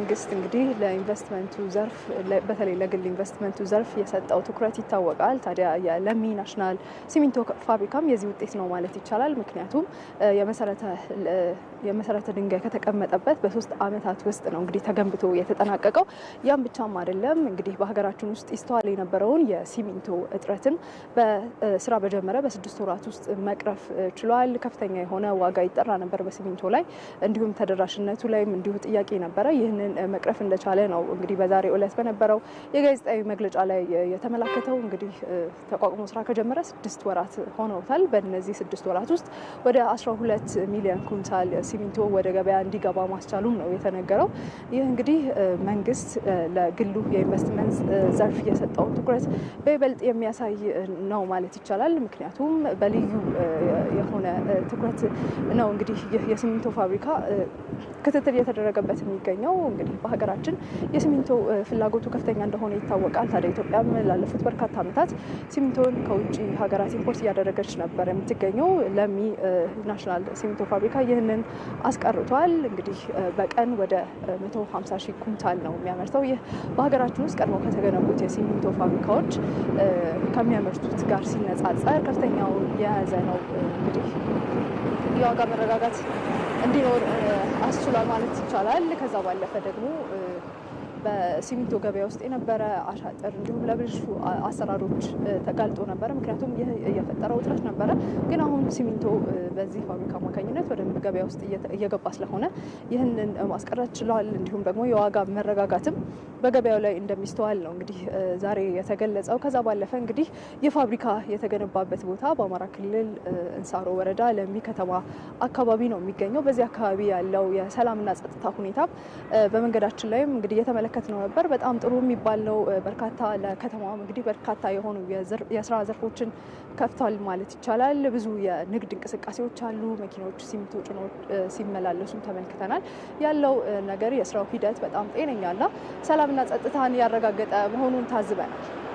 መንግስት እንግዲህ ለኢንቨስትመንቱ ዘርፍ በተለይ ለግል ኢንቨስትመንቱ ዘርፍ የሰጠው ትኩረት ይታወቃል። ታዲያ የለሚ ናሽናል ሲሚንቶ ፋብሪካም የዚህ ውጤት ነው ማለት ይቻላል። ምክንያቱም የመሰረተ ድንጋይ ከተቀመጠበት በሶስት አመታት ውስጥ ነው እንግዲህ ተገንብቶ የተጠናቀቀው። ያም ብቻም አይደለም እንግዲህ በሀገራችን ውስጥ ይስተዋል የነበረውን የሲሚንቶ እጥረትን በስራ በጀመረ በስድስት ወራት ውስጥ መቅረፍ ችሏል። ከፍተኛ የሆነ ዋጋ ይጠራ ነበር በሲሚንቶ ላይ እንዲሁም ተደራሽነቱ ላይም እንዲሁ ጥያቄ ነበረ። ይህንን ይህንን መቅረፍ እንደቻለ ነው እንግዲህ በዛሬው ዕለት በነበረው የጋዜጣዊ መግለጫ ላይ የተመላከተው። እንግዲህ ተቋቁሞ ስራ ከጀመረ ስድስት ወራት ሆነውታል። በእነዚህ ስድስት ወራት ውስጥ ወደ 12 ሚሊዮን ኩንታል ሲሚንቶ ወደ ገበያ እንዲገባ ማስቻሉም ነው የተነገረው። ይህ እንግዲህ መንግስት ለግሉ የኢንቨስትመንት ዘርፍ የሰጠውን ትኩረት በይበልጥ የሚያሳይ ነው ማለት ይቻላል። ምክንያቱም በልዩ የሆነ ትኩረት ነው እንግዲህ ይህ የሲሚንቶ ፋብሪካ ክትትል እየተደረገበት የሚገኘው። እንግዲህ በሀገራችን የሲሚንቶ ፍላጎቱ ከፍተኛ እንደሆነ ይታወቃል። ታዲያ ኢትዮጵያም ላለፉት በርካታ ዓመታት ሲሚንቶን ከውጭ ሀገራት ኢምፖርት እያደረገች ነበር የምትገኘው። ለሚ ናሽናል ሲሚንቶ ፋብሪካ ይህንን አስቀርቷል። እንግዲህ በቀን ወደ 150 ሺህ ኩንታል ነው የሚያመርተው። ይህ በሀገራችን ውስጥ ቀድሞ ከተገነቡት የሲሚንቶ ፋብሪካዎች ከሚያመርቱት ጋር ሲነጻጸር ከፍተኛው የያዘ ነው እንግዲህ የዋጋ መረጋጋት እንዲኖር አስችሏል ማለት ይቻላል። ከዛ ባለፈ ደግሞ በሲሚንቶ ገበያ ውስጥ የነበረ አሻጥር እንዲሁም ለብዙ አሰራሮች ተጋልጦ ነበረ። ምክንያቱም ይህ እየፈጠረ ውጥረት ነበረ። ግን አሁን ሲሚንቶ በዚህ ፋብሪካ አማካኝነት ወደ ገበያ ውስጥ እየገባ ስለሆነ ይህንን ማስቀረት ችሏል። እንዲሁም ደግሞ የዋጋ መረጋጋትም በገበያው ላይ እንደሚስተዋል ነው እንግዲህ ዛሬ የተገለጸው። ከዛ ባለፈ እንግዲህ የፋብሪካ የተገነባበት ቦታ በአማራ ክልል እንሳሮ ወረዳ ለሚ ከተማ አካባቢ ነው የሚገኘው። በዚህ አካባቢ ያለው የሰላምና ጸጥታ ሁኔታ በመንገዳችን ላይም እንግዲህ ስንመለከት ነው ነበር። በጣም ጥሩ ነው። በርካታ ለከተማ እንግዲህ በርካታ የሆኑ የስራ ዘርፎችን ከፍቷል ማለት ይቻላል። ብዙ የንግድ እንቅስቃሴዎች አሉ። መኪናዎች ሲሚንቶ ጭኖ ሲመላለሱም ተመልክተናል። ያለው ነገር የስራው ሂደት በጣም ጤነኛና ሰላምና ጸጥታን ያረጋገጠ መሆኑን ታዝበናል።